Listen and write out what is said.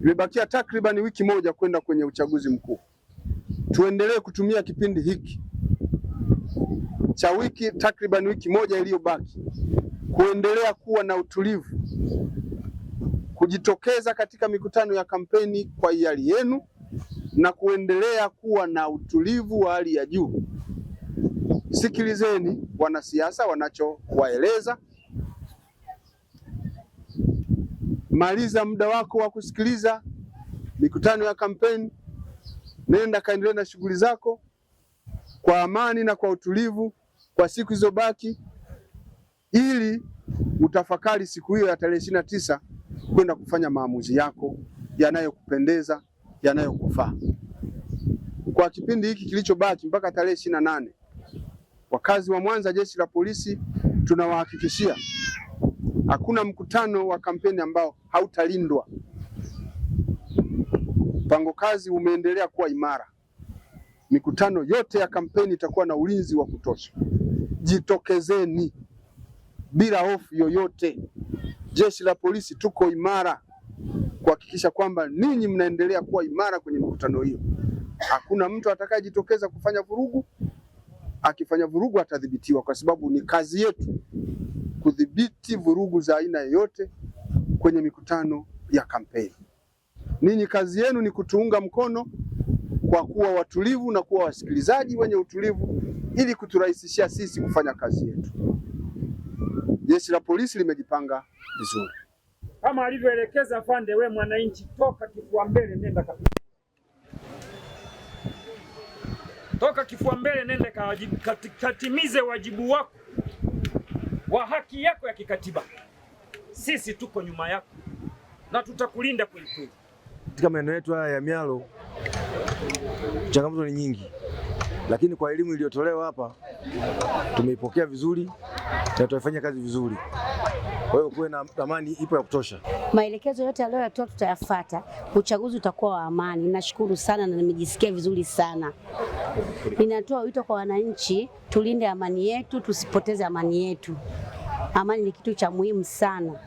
Imebakia takriban wiki moja kwenda kwenye uchaguzi mkuu. Tuendelee kutumia kipindi hiki cha wiki takriban wiki moja iliyobaki kuendelea kuwa na utulivu, kujitokeza katika mikutano ya kampeni kwa hiari yenu na kuendelea kuwa na utulivu wa hali ya juu. Sikilizeni wanasiasa wanachowaeleza. maliza muda wako wa kusikiliza mikutano ya kampeni, nenda kaendelee na shughuli zako kwa amani na kwa utulivu kwa siku zilizobaki, ili utafakari siku hiyo ya tarehe ishirini na tisa kwenda kufanya maamuzi yako yanayokupendeza yanayokufaa. Kwa kipindi hiki kilichobaki mpaka tarehe ishirini na nane wakazi wa Mwanza, jeshi la polisi tunawahakikishia Hakuna mkutano wa kampeni ambao hautalindwa. Mpango kazi umeendelea kuwa imara. Mikutano yote ya kampeni itakuwa na ulinzi wa kutosha. Jitokezeni bila hofu yoyote. Jeshi la polisi tuko imara kuhakikisha kwamba ninyi mnaendelea kuwa imara kwenye mikutano hiyo. Hakuna mtu atakayejitokeza kufanya vurugu. Akifanya vurugu atadhibitiwa, kwa sababu ni kazi yetu kudhibiti vurugu za aina yoyote kwenye mikutano ya kampeni. Ninyi kazi yenu ni kutuunga mkono kwa kuwa watulivu na kuwa wasikilizaji wenye utulivu ili kuturahisishia sisi kufanya kazi yetu. Jeshi la polisi limejipanga vizuri kama alivyoelekeza Fande. We mwananchi, toka kifua mbele, nenda ka... toka kifua mbele, nenda katimize wajibu wako wa haki yako ya kikatiba. Sisi tuko nyuma yako na tutakulinda kweli kweli. Katika maeneo yetu haya ya Mialo changamoto ni nyingi, lakini kwa elimu iliyotolewa hapa tumeipokea vizuri na tutafanya kazi vizuri. Kwa hiyo kuwe na amani ipo ya kutosha. Maelekezo yote aliyoyatoa tutayafuata. Uchaguzi utakuwa wa amani. Nashukuru sana na nimejisikia vizuri sana. Ninatoa wito kwa wananchi, tulinde amani yetu, tusipoteze amani yetu. Amani ni kitu cha muhimu sana.